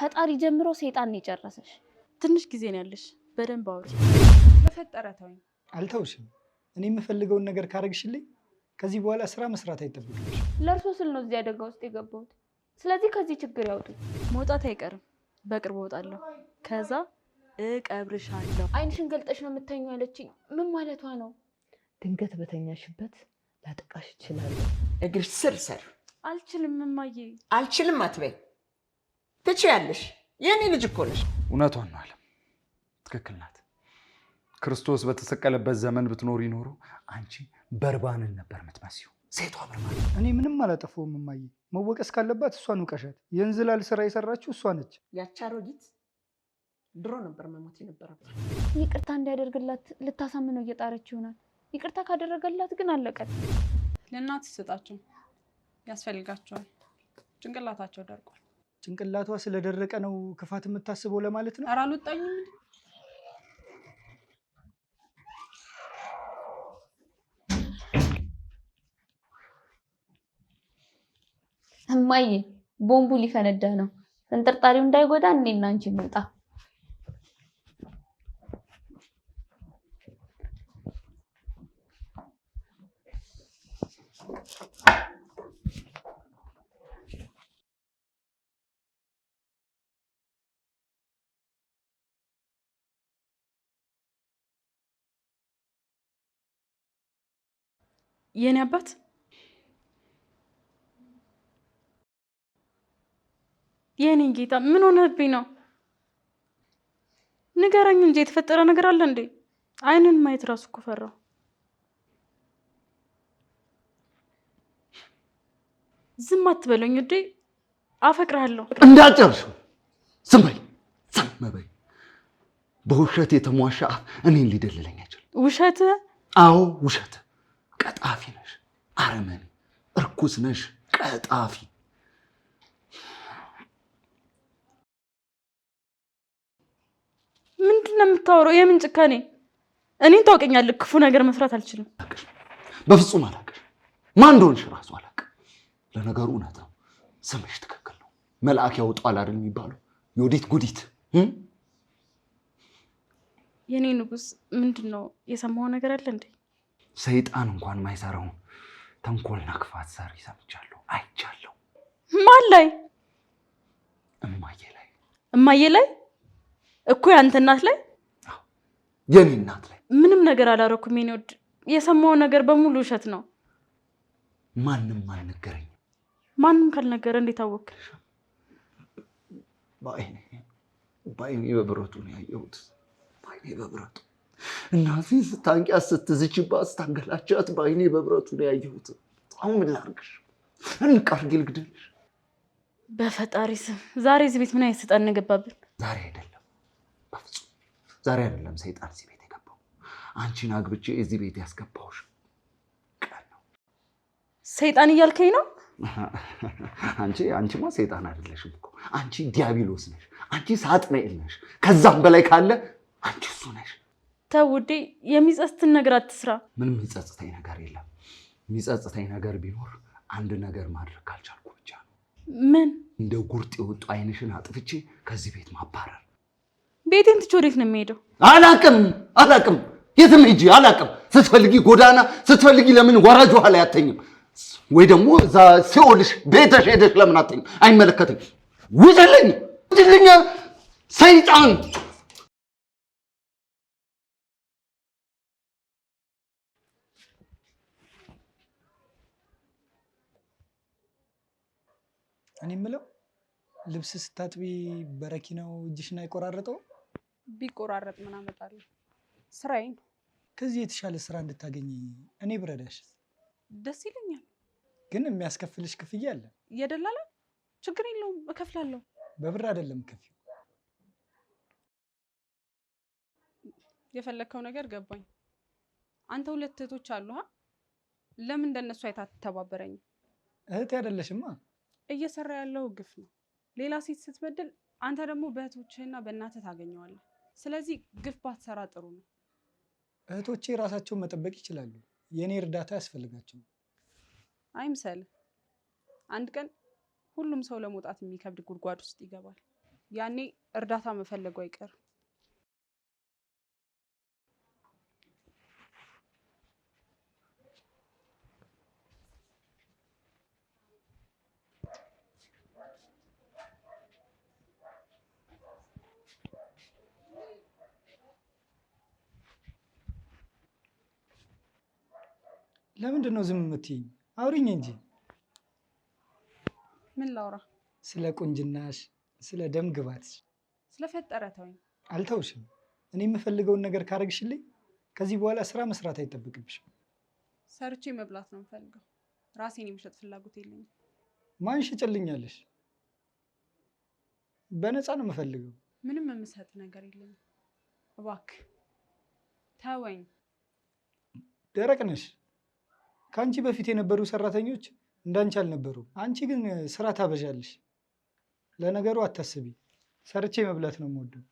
ፈጣሪ ጀምሮ ሰይጣን የጨረሰሽ። ትንሽ ጊዜ ነው ያለሽ፣ በደንብ አውሪ። በፈጠረ ተውኝ። አልተውሽም። እኔ የምፈልገውን ነገር ካረግሽልኝ ከዚህ በኋላ ስራ መስራት አይጠብቅብሽ። ለእርሶ ስል ነው እዚህ አደጋ ውስጥ የገባሁት። ስለዚህ ከዚህ ችግር ያውጡ። መውጣት አይቀርም፣ በቅርብ እወጣለሁ። ከዛ እቀብርሻለሁ። ዓይንሽን ገልጠሽ ነው የምተኙ ያለችኝ ምን ማለቷ ነው? ድንገት በተኛሽበት ላጠቃሽ እችላለሁ። እግር ስር ስር። አልችልም እማዬ፣ አልችልም አትበይ። ትችያለሽ። የኔ ልጅ እኮ ነሽ። እውነቷን ነው አለም፣ ትክክል ናት። ክርስቶስ በተሰቀለበት ዘመን ብትኖር ይኖሩ አንቺ በርባንን ነበር የምትመስይው። ሴቷ በርባን። እኔ ምንም አላጠፋሁም እማዬ። መወቀስ ካለባት እሷን ውቀሻት። የእንዝላል ስራ የሰራችው እሷ ነች። ያቺ አሮጊት ድሮ ነበር መሞት የነበረበት። ይቅርታ እንዲያደርግላት ልታሳምነው እየጣረች ይሆናል። ይቅርታ ካደረገላት ግን አለቀት። ለእናት ይሰጣቸው ያስፈልጋቸዋል። ጭንቅላታቸው ደርቋል። ጭንቅላቷ ስለደረቀ ነው ክፋት የምታስበው ለማለት ነው። ኧረ አልወጣኝም። እማዬ ቦምቡ ሊፈነዳ ነው። ተንጠርጣሪው እንዳይጎዳ እኔና አንቺ እንውጣ። የእኔ አባት የእኔ ጌታ ምን ሆነብኝ ነው? ንገረኝ እንጂ የተፈጠረ ነገር አለ እንዴ? አይንን ማየት ራሱ እኮ ፈራሁ። ዝም አትበለኝ ውዴ፣ አፈቅርሃለሁ። እንዳጨርሱ ዝም በይ፣ ዝም በይ። በውሸት የተሟሻ እኔን ሊደልለኝ አይችልም። ውሸት? አዎ ውሸት ቀጣፊ ነሽ፣ አረመኔ እርኩስ ነሽ፣ ቀጣፊ ምንድን ነው የምታወራው? የምን ጭካኔ? እኔን ታውቀኛለህ። ክፉ ነገር መስራት አልችልም። በፍጹም አላውቅሽ። ማን እንደሆንሽ እራሱ አላውቅም። ለነገሩ እውነት ነው ስምሽ ትክክል ነው። መልአክ ያወጣዋል አይደል የሚባለው? የወዲት ጉዲት የእኔ ንጉስ፣ ምንድን ነው የሰማው ነገር አለ እንዴ? ሰይጣን እንኳን ማይሰራውን ተንኮልና ክፋት ሰሪ ሰምቻለሁ፣ አይቻለሁ። ማን ላይ? እማዬ ላይ። እማዬ ላይ እኮ ያንተ እናት ላይ፣ የኔ እናት ላይ ምንም ነገር አላረኩም። የኔ ወድ የሰማው ነገር በሙሉ ውሸት ነው። ማንም አልነገረኝም። ማንም ካልነገረ እንዴት አወቅ? በአይኔ በብረቱ ነው ያየሁት፣ በአይኔ በብረቱ እናቴን ስታንቂያት ስትዝችባት ስታንገላቻት በአይኔ በብረቱ ነው ያየሁት። አሁን ምን ላድርግሽ? እንቅ ልግደልሽ? በፈጣሪ ስም ዛሬ እዚህ ቤት ምን አይነት ሰይጣን እንገባብን? ዛሬ አይደለም፣ በፍጹም ዛሬ አይደለም ሰይጣን እዚህ ቤት የገባው። አንቺን አግብቼ እዚህ ቤት ያስገባውሽ ቀን ነው። ሰይጣን እያልከኝ ነው? አንቺ አንቺማ ሰይጣን አይደለሽም እኮ አንቺ ዲያቢሎስ ነሽ። አንቺ ሳጥናኤል ነሽ። ከዛም በላይ ካለ አንቺ እሱ ነሽ። ተውዴ የሚጸጽትን ነገር አትስራ። ምንም የሚጸጽተኝ ነገር የለም። የሚጸጽተኝ ነገር ቢኖር አንድ ነገር ማድረግ ካልቻልኩ ብቻ ነው። ምን? እንደ ጉርጥ የወጡ አይንሽን አጥፍቼ ከዚህ ቤት ማባረር። ቤቴን ትቼ ወዴት ነው የሚሄደው? አላቅም፣ አላቅም፣ የትም ሂጂ አላቅም። ስትፈልጊ ጎዳና፣ ስትፈልጊ ለምን ወራጅ ውሃ ላይ አተኝም? ወይ ደግሞ እዛ ሲኦልሽ ቤተሽ ሄደሽ ለምን አተኝም? አይመለከትም። ውጭልኝ፣ ውጭልኝ ሰይጣን እኔ የምለው ልብስ ስታጥቢ በረኪናው እጅሽን አይቆራረጠው? ቢቆራረጥ ምን አመጣለሁ? ስራዬ ነው። ከዚህ የተሻለ ስራ እንድታገኝ እኔ ብረዳሽ ደስ ይለኛል። ግን የሚያስከፍልሽ ክፍያ አለ። እየደላላ ችግር የለውም እከፍላለሁ። በብር አይደለም ከፊው። የፈለግከው ነገር ገባኝ። አንተ ሁለት እህቶች አሉ። ለምን እንደነሱ አይታ እህት እህቴ አይደለሽማ እየሰራ ያለው ግፍ ነው። ሌላ ሴት ስትበድል አንተ ደግሞ በእህቶችህና በእናትህ ታገኘዋለህ። ስለዚህ ግፍ ባትሰራ ጥሩ ነው። እህቶቼ ራሳቸውን መጠበቅ ይችላሉ። የእኔ እርዳታ ያስፈልጋቸው አይምሰል አንድ ቀን ሁሉም ሰው ለመውጣት የሚከብድ ጉድጓድ ውስጥ ይገባል። ያኔ እርዳታ መፈለጉ አይቀርም። ለምንድን ነው ዝም የምትይኝ? አውሪኝ እንጂ። ምን ላውራ? ስለ ቁንጅናሽ፣ ስለ ደም ግባትሽ፣ ስለፈጠረ ተወኝ። አልተውሽም። እኔ የምፈልገውን ነገር ካረግሽልኝ ከዚህ በኋላ ስራ መስራት አይጠብቅብሽም። ሰርቼ መብላት ነው የምፈልገው። ራሴን የመሸጥ ፍላጎት የለኝም። ማን ሽጭልኛለሽ? በነፃ ነው የምፈልገው። ምንም የምሰጥ ነገር የለኝም። እባክህ ተወኝ። ደረቅ ነሽ። ከአንቺ በፊት የነበሩ ሰራተኞች እንዳንቺ አልነበሩ። አንቺ ግን ስራ ታበዣለሽ። ለነገሩ አታስቢ፣ ሰርቼ መብላት ነው የምወደው።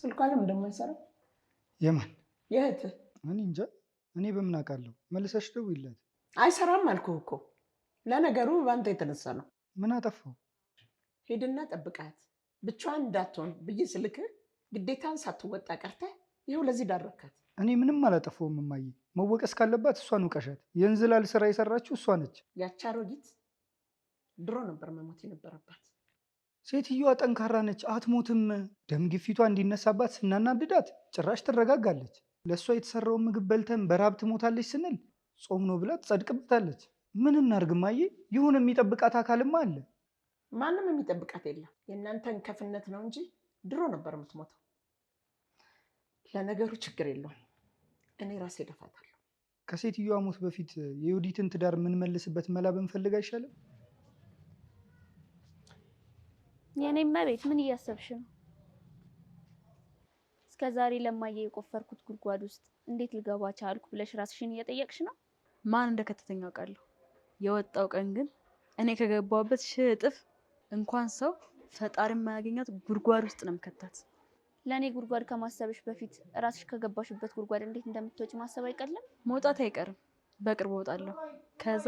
ስልኳ ለምን እንደማይሰራ የማን የእህትህ? እኔ እንጃ። እኔ በምን አውቃለሁ? መልሰሽ ደውይላት። አይሰራም አልኩህ እኮ። ለነገሩ በአንተ የተነሳ ነው። ምን አጠፋው? ሄድና ጠብቃት ብቻዋን እንዳትሆን ብዬ ስልክ ግዴታን ሳትወጣ ቀርተ ይኸው ለዚህ ዳረካት። እኔ ምንም አላጠፋውም እማዬ። መወቀስ ካለባት እሷን ውቀሻት። የእንዝላል ስራ የሰራችው እሷ ነች። ያቺ አሮጊት ድሮ ነበር መሞት የነበረባት። ሴትዮዋ ጠንካራ ነች፣ አትሞትም። ደም ግፊቷ እንዲነሳባት ስናናድዳት ጭራሽ ትረጋጋለች። ለእሷ የተሰራውን ምግብ በልተን በረሃብ ትሞታለች ስንል ጾም ነው ብላ ትጸድቅበታለች። ምን እናድርግ እማዬ? ይሁን የሚጠብቃት አካልማ አለ። ማንም የሚጠብቃት የለም። የእናንተን ከፍነት ነው እንጂ ድሮ ነበር የምትሞተው። ለነገሩ ችግር የለውም፣ እኔ ራሴ ደፋታለሁ ከሴትዮዋ ሞት በፊት የዩዲትን ትዳር የምንመልስበት መላ ብንፈልግ አይሻልም? የእኔ መቤት ምን እያሰብሽ ነው? እስከ ዛሬ ለማየ የቆፈርኩት ጉድጓድ ውስጥ እንዴት ልገባ ቻልኩ ብለሽ ራስሽን እየጠየቅሽ ነው። ማን እንደከተተኛ አውቃለሁ። የወጣው ቀን ግን እኔ ከገባሁበት ሺህ እጥፍ እንኳን ሰው ፈጣሪ የማያገኛት ጉድጓድ ውስጥ ነው የምከታት። ለእኔ ጉድጓድ ከማሰብሽ በፊት እራስሽ ከገባሽበት ጉድጓድ እንዴት እንደምትወጪ ማሰብ አይቀልም። መውጣት አይቀርም፣ በቅርብ እወጣለሁ። ከዛ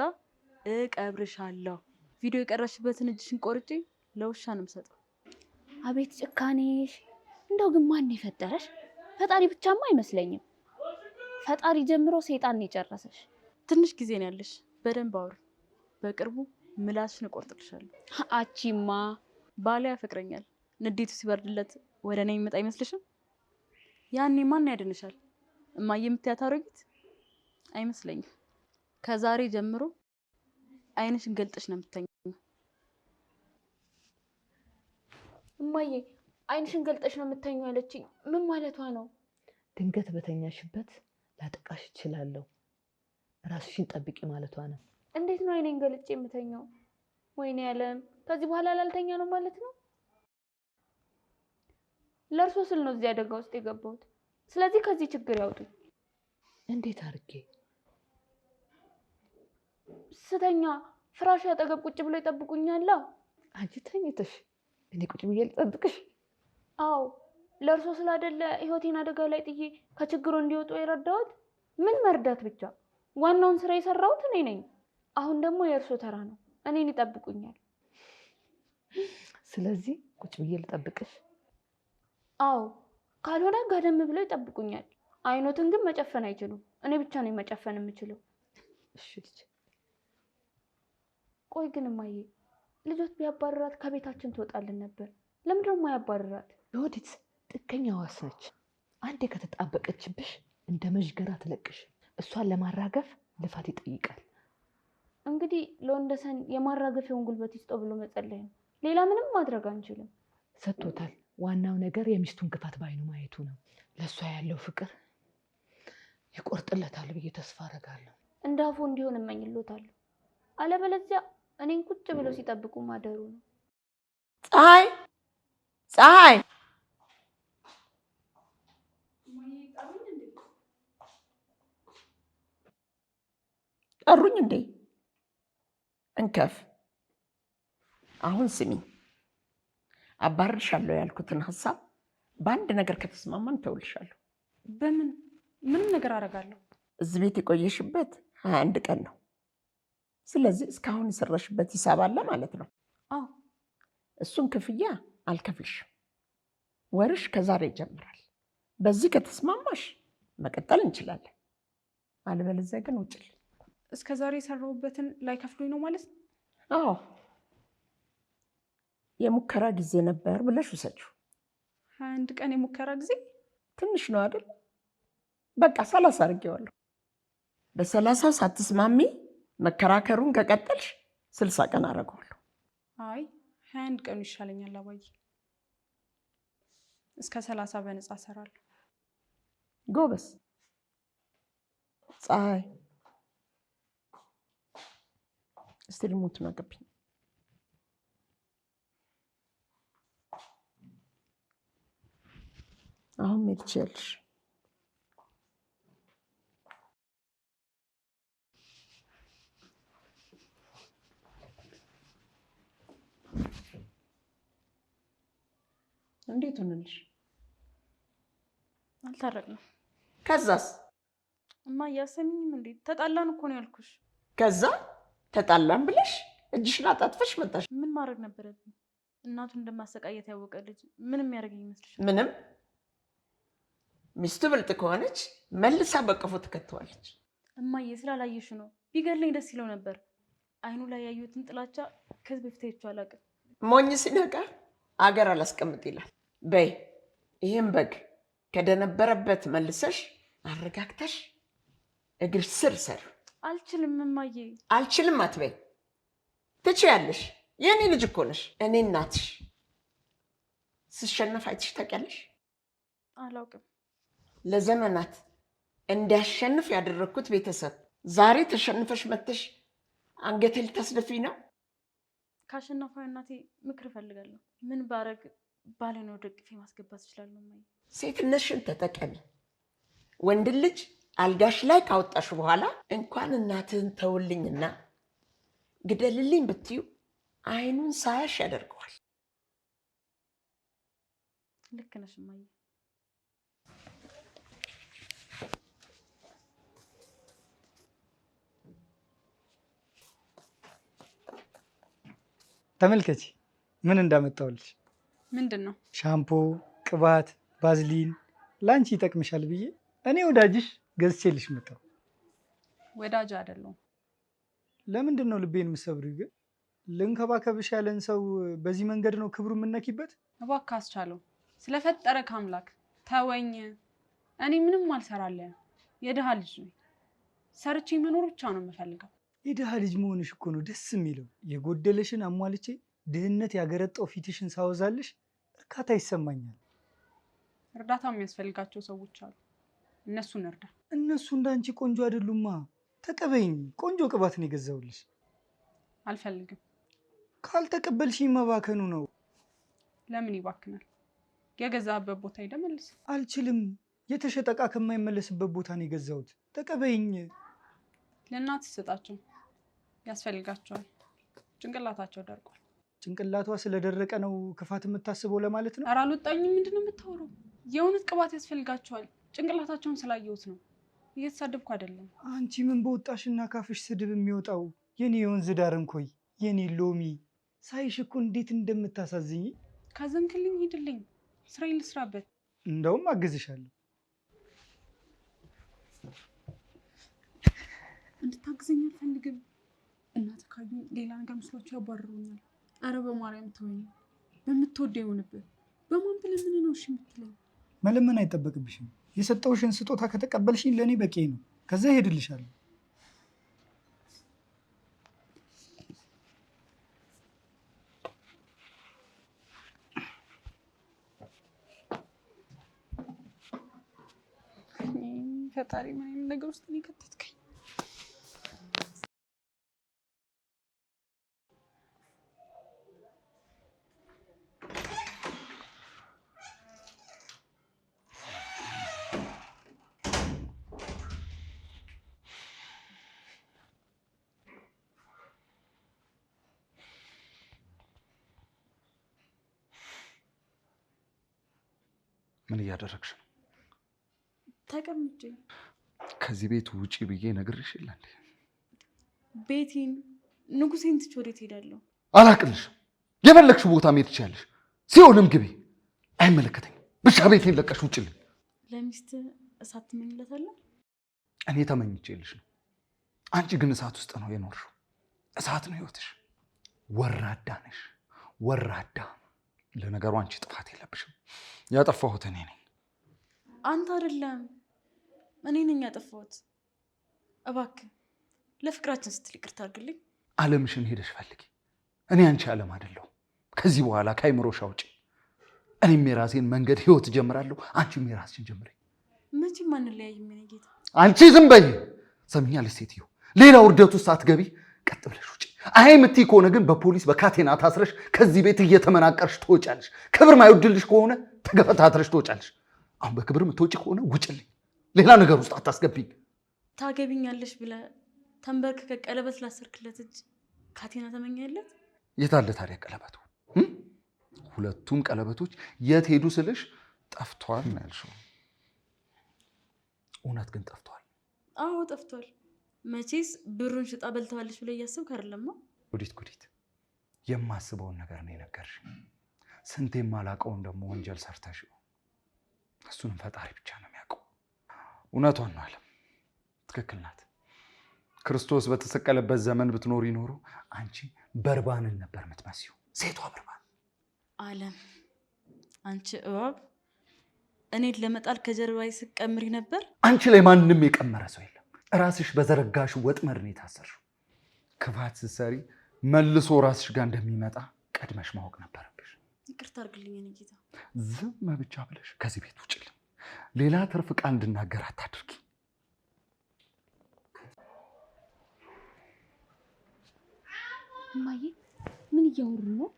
እቀብርሻለሁ። ቪዲዮ የቀረሽበትን እጅሽን ቆርጬ ለውሻ ነው የምሰጠው። አቤት ጭካኔሽ! እንደው ግን ማን የፈጠረሽ? ፈጣሪ ብቻማ አይመስለኝም። ፈጣሪ ጀምሮ ሰይጣን የጨረሰሽ። ትንሽ ጊዜ ነው ያለሽ። በደንብ አውሪ። በቅርቡ ምላስሽን እቆርጥልሻለሁ። አቺማ ባሏ ያፈቅረኛል። ንዴቱ ሲበርድለት ወደ እኔ የሚመጣ አይመስልሽም? ያኔ ማን ያድንሻል? እማዬ የምትያት አሮጊት አይመስለኝም። ከዛሬ ጀምሮ አይንሽን ገልጠሽ ነው የምትተኝ። እማዬ አይንሽን ገልጠሽ ነው የምተኙ ያለችኝ ምን ማለቷ ነው? ድንገት በተኛሽበት ላጠቃሽ እችላለሁ። ራስሽን ጠብቂ ማለቷ ነው። እንዴት ነው አይኔን ገልጭ የምተኛው? ወይኔ ያለም ከዚህ በኋላ ላልተኛ ነው ማለት ነው። ለእርሶ ስል ነው እዚህ አደጋ ውስጥ የገባሁት። ስለዚህ ከዚህ ችግር ያውጡኝ። እንዴት አድርጌ ስተኛ ፍራሽ አጠገብ ቁጭ ብሎ ይጠብቁኛል። አንቺ ተኝተሽ እኔ ቁጭ ብዬ ልጠብቅሽ? አዎ ለእርሶ ስላደለ ህይወቴን አደጋ ላይ ጥዬ ከችግሩ እንዲወጡ የረዳሁት ምን መርዳት ብቻ ዋናውን ስራ የሰራሁት እኔ ነኝ። አሁን ደግሞ የእርሶ ተራ ነው። እኔን ይጠብቁኛል። ስለዚህ ቁጭ ብዬ ልጠብቅሽ? አዎ፣ ካልሆነ ጋደም ብለው ይጠብቁኛል። አይኖትን ግን መጨፈን አይችሉም። እኔ ብቻ ነኝ መጨፈን የምችለው። ቆይ ግን እማዬ ልጆት ቢያባርራት ከቤታችን ትወጣልን ነበር። ለምንድን ደግሞ የማያባርራት? የወዲት ጥገኛ ዋስ ነች። አንዴ ከተጣበቀችብሽ እንደ መዥገራ ትለቅሽ እሷን ለማራገፍ ልፋት ይጠይቃል። እንግዲህ ለወንደሰን የማራገፊያውን ጉልበት ይስጠው ብሎ መጸለይ ነው። ሌላ ምንም ማድረግ አንችልም። ሰጥቶታል። ዋናው ነገር የሚስቱን ክፋት በዓይኑ ማየቱ ነው። ለእሷ ያለው ፍቅር ይቆርጥለታል ብዬ ተስፋ አደርጋለሁ። እንደ አፉ እንዲሆን እመኝሎታለሁ። አለበለዚያ እኔን ቁጭ ብለው ሲጠብቁ ማደሩ ነው። ፀሐይ ፀሐይ ጠሩኝ እንዴ? እንከፍ። አሁን ስሚ፣ አባርልሻለሁ ያልኩትን ሀሳብ በአንድ ነገር ከተስማማን ተውልሻለሁ። በምን ምን ነገር አደርጋለሁ? እዚህ ቤት የቆየሽበት ሀያ አንድ ቀን ነው። ስለዚህ እስካሁን የሰራሽበት ሂሳብ አለ ማለት ነው። አዎ፣ እሱን ክፍያ አልከፍልሽም። ወርሽ ከዛሬ ይጀምራል። በዚህ ከተስማማሽ መቀጠል እንችላለን፣ አለበለዚያ ግን ውጭል እስከ ዛሬ የሰራሁበትን ላይ ከፍሎኝ ነው ማለት ነው? አዎ የሙከራ ጊዜ ነበር ብለሽ ውሰችው። አንድ ቀን የሙከራ ጊዜ ትንሽ ነው አይደል? በቃ ሰላሳ አድርጌዋለሁ። በሰላሳ ሳትስማሚ መከራከሩን ከቀጠልሽ ስልሳ ቀን አደርገዋለሁ። አይ ሀያ አንድ ቀኑ ይሻለኛል አባዬ። እስከ ሰላሳ በነፃ እሰራለሁ። ጎበስ ፀሐይ እስቲ ልሞት ነው አገባኝ። አሁን መሄድ ትችያለሽ። እንዴት ሆነልሽ? አልታረቅንም። ከዛስ? እማ እያሰሚኝም እንዴት ተጣላን እኮ ነው ያልኩሽ። ከዛ ተጣላን ብለሽ እጅሽን አጣጥፈሽ መጣሽ። ምን ማድረግ ነበረብኝ? እናቱን እንደማሰቃየት ያወቀ ልጅ ምን የሚያደርገኝ ይመስልሻል? ምንም። ሚስቱ ብልጥ ከሆነች መልሳ በቀፎ ትከተዋለች። እማዬ ስላላየሽ ነው። ቢገለኝ ደስ ይለው ነበር። አይኑ ላይ ያዩትን ጥላቻ ከዚህ በፊት አይቼ አላውቅም። ሞኝ ሲነቃ አገር አላስቀምጥ ይላል። በይ ይህም በግ ከደነበረበት መልሰሽ አረጋግተሽ እግር ስር ሰር አልችልም እማዬ። አልችልም አትበይ፣ ትችያለሽ። የእኔ ልጅ እኮ ነሽ። እኔ እናትሽ ስሸነፍ አይተሽ ታውቂያለሽ? አላውቅም። ለዘመናት እንዲያሸንፍ ያደረግኩት ቤተሰብ ዛሬ ተሸንፈሽ መተሽ አንገቴ ልታስደፊ ነው። ከአሸናፋዊ እናቴ ምክር እፈልጋለሁ። ምን ባረግ ባሌን ወደ ማስገባት እችላለሁ? ሴትነትሽን ተጠቀሚ። ወንድ ልጅ አልጋሽ ላይ ካወጣሽ በኋላ እንኳን እናትህን ተውልኝና ግደልልኝ ብትዩ አይኑን ሳያሽ ያደርገዋል። ልክ ነሽ እማዬ። ምን እንዳመጣሁልሽ። ምንድን ነው? ሻምፖ፣ ቅባት፣ ባዝሊን ለአንቺ ይጠቅምሻል ብዬ እኔ ወዳጅሽ ገዝቼልሽ መጣሁ። ወዳጅ አይደለሁም። ለምንድን ነው ልቤን ምሰብሪ ግን ልንከባከብሽ ያለን ሰው በዚህ መንገድ ነው ክብሩ የምነኪበት? እባክህ አስቻለው፣ ስለፈጠረ ከአምላክ ተወኝ። እኔ ምንም አልሰራለን። የድሃ ልጅ ነው ሰርቼ መኖር ብቻ ነው የምፈልገው። የድሃ ልጅ መሆንሽ እኮ ነው ደስ የሚለው። የጎደለሽን አሟልቼ ድህነት ያገረጣው ፊትሽን ሳወዛልሽ እርካታ ይሰማኛል። እርዳታ የሚያስፈልጋቸው ሰዎች አሉ፣ እነሱን እርዳ። እነሱ እንዳንቺ ቆንጆ አይደሉማ። ተቀበይኝ፣ ቆንጆ ቅባት ነው የገዛውልሽ። አልፈልግም። ካልተቀበልሽኝ መባከኑ ነው። ለምን ይባክናል? የገዛህበት ቦታ ሄደህ መልስ። አልችልም። የተሸጠ እቃ ከማይመለስበት ቦታ ነው የገዛሁት። ተቀበይኝ። ለእናት ስጣቸው፣ ያስፈልጋቸዋል። ጭንቅላታቸው ደርቋል። ጭንቅላቷ ስለደረቀ ነው ክፋት የምታስበው ለማለት ነው። ኧረ አልወጣኝም። ምንድን ነው የምታወራው? የእውነት ቅባት ያስፈልጋቸዋል። ጭንቅላታቸውን ስላየሁት ነው። እየተሳደብኩ አይደለም። አንቺ ምን በወጣሽና ካፍሽ ስድብ የሚወጣው? የኔ የወንዝ ዳር እንኮይ፣ የኔ ሎሚ ሳይሽ እኮ እንዴት እንደምታሳዝኝ። ካዘንክልኝ ሂድልኝ፣ ስራዬን ልስራበት። እንደውም አግዝሻለሁ። እንድታግዘኝ አልፈልግም። እናት ካዩ ሌላ ነገር ምስሏቸው ያባርሩኛል። አረ በማርያም ተወኝ። በምትወደው ይሆንብህ። በማን ነው እሺ የምትለኝ? መለመን አይጠበቅብሽም። የሰጠውሽን ስጦታ ከተቀበልሽኝ ለእኔ በቂ ነው። ከዛ ይሄድልሻለሁ። ፈጣሪ ምን አይነት ነገር ውስጥ ነው የከተትከኝ? ምን እያደረግሽ ነው? ተቀምጬ ከዚህ ቤት ውጪ ብዬ ነግሬሽ የለ እንዴ? ቤቴን ንጉሴን ትቼ ወዴት ሄዳለሁ? አላቅልሽም። የፈለግሽው ቦታ መሄድ ትችያለሽ። ሲሆንም ግቢ፣ አይመለከተኝም። ብቻ ቤቴን ለቀሽ ውጭልኝ። ለሚስት እሳት ትመኝለታለህ? እኔ ተመኝቼልሽ ነው። አንቺ ግን እሳት ውስጥ ነው የኖርሽው። እሳት ነው ህይወትሽ። ወራዳ ነሽ፣ ወራዳ ለነገሩ አንቺ ጥፋት የለብሽም። ያጠፋሁት እኔ ነኝ፣ አንተ አይደለም። እኔ ነኝ ያጠፋሁት። እባክህ ለፍቅራችን ስትል ይቅርታ አድርግልኝ። አለምሽን ሄደሽ ፈልጊ። እኔ አንቺ አለም አይደለሁም። ከዚህ በኋላ ከአይምሮሽ አውጪ። እኔም የራሴን መንገድ ህይወት ጀምራለሁ፣ አንቺም የራስሽን ጀምሪ። መቼም አንለያይም የእኔ ጌታ። አንቺ ዝም በይ። ሰምኛለሽ ሴትዮ፣ ሌላ ውርደት ውስጥ አትገቢ። ቀጥ ብለሽ ውጪ። አይ የምትይ ከሆነ ግን በፖሊስ በካቴና ታስረሽ ከዚህ ቤት እየተመናቀርሽ ትወጫለሽ። ክብር ማይወድልሽ ከሆነ ተገፈታትረሽ ትወጫለሽ። አሁን በክብር የምትወጪ ከሆነ ውጭልኝ፣ ሌላ ነገር ውስጥ አታስገቢኝ። ታገቢኛለሽ ብለህ ተንበርክከ ቀለበት ላሰርክለት እጅ ካቴና ተመኛለት። የት አለ ታዲያ ቀለበቱ? ሁለቱም ቀለበቶች የት ሄዱ ስልሽ ጠፍቷል ነው ያልሽው። እውነት ግን ጠፍቷል? አዎ ጠፍቷል። መቼስ ብሩን ሽጣ በልተዋለች ብለ እያስብ አይደለማ። ጉዲት ጉዲት፣ የማስበውን ነገር ነው የነገርሽ። ስንት የማላቀውን ደግሞ ወንጀል ሰርተሽ፣ እሱንም ፈጣሪ ብቻ ነው የሚያውቀው። እውነቷን ነው አለም፣ ትክክል ናት። ክርስቶስ በተሰቀለበት ዘመን ብትኖር ይኖሩ አንቺ በርባንን ነበር የምትመስዩ። ሴቷ በርባን አለም፣ አንቺ እባብ እኔን ለመጣል ከጀርባ ስቀምሪ ነበር። አንቺ ላይ ማንም የቀመረ ሰው ራስሽ በዘረጋሽ ወጥመድ ነው የታሰርሽው። ክፋት ስትሰሪ መልሶ ራስሽ ጋር እንደሚመጣ ቀድመሽ ማወቅ ነበረብሽ። ይቅርታ አድርግልኝ ጌታ። ዝም ብቻ ብለሽ ከዚህ ቤት ውጭልኝ። ሌላ ትርፍ ቃል እንድናገር አታድርጊ። እማዬ ምን እያወሩ ነው?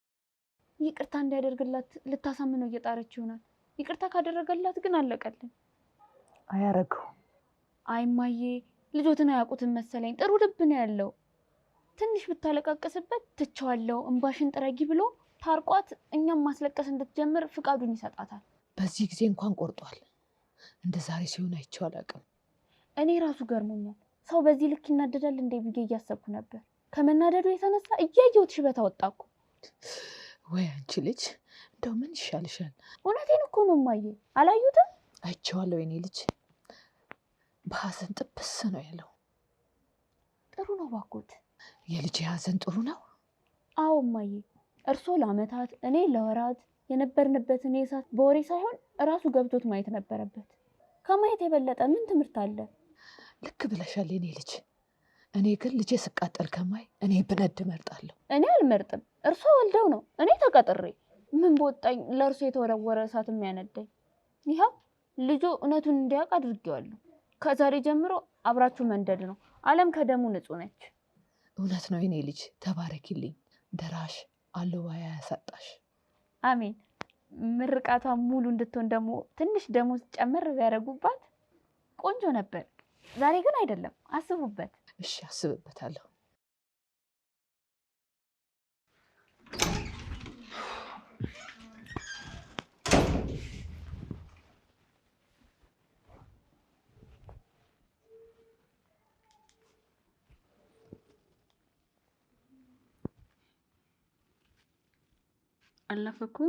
ይቅርታ እንዲያደርግላት ልታሳምነው እየጣረች ይሆናል። ይቅርታ ካደረገላት ግን አለቀልን። አያረገው አይማዬ ልጆትን አያውቁትም መሰለኝ። ጥሩ ልብ ነው ያለው። ትንሽ ብታለቃቀስበት ትቸዋለው፣ እምባሽን ጥረጊ ብሎ ታርቋት እኛም ማስለቀስ እንድትጀምር ፍቃዱን ይሰጣታል። በዚህ ጊዜ እንኳን ቆርጧል። እንደ ዛሬ ሲሆን አይቼው አላውቅም። እኔ ራሱ ገርሞኛል። ሰው በዚህ ልክ ይናደዳል እንዴ ብዬ እያሰብኩ ነበር። ከመናደዱ የተነሳ እያየሁት ሽበት አወጣኩ። ወይ አንቺ ልጅ እንደው ምን ይሻልሻል? እውነቴን እኮ ነው እማዬ። አላዩትም? አይቼዋለሁ የኔ ልጅ በሀዘን ጥብስ ነው ያለው። ጥሩ ነው ባኮት። የልጅ ሀዘን ጥሩ ነው። አዎ እማዬ፣ እርሶ ለአመታት እኔ ለወራት የነበርንበትን የእሳት በወሬ ሳይሆን እራሱ ገብቶት ማየት ነበረበት። ከማየት የበለጠ ምን ትምህርት አለ? ልክ ብለሻል የኔ ልጅ። እኔ ግን ልጄ ስቃጠል ከማይ እኔ ብነድ እመርጣለሁ። እኔ አልመርጥም። እርሶ ወልደው ነው እኔ ተቀጥሬ ምን በወጣኝ ለእርሶ የተወረወረ እሳት የሚያነደኝ። ይኸው ልጁ እውነቱን እንዲያውቅ አድርጌዋለሁ። ከዛሬ ጀምሮ አብራችሁ መንደድ ነው። አለም ከደሙ ንጹህ ነች። እውነት ነው የኔ ልጅ፣ ተባረኪልኝ። ደራሽ አለዋያ ያሳጣሽ። አሜን። ምርቃቷ ሙሉ እንድትሆን ደግሞ ትንሽ ደሙ ጨመር ቢያደርጉባት ቆንጆ ነበር። ዛሬ ግን አይደለም፣ አስቡበት። እሺ አስብበታለሁ። Allah faku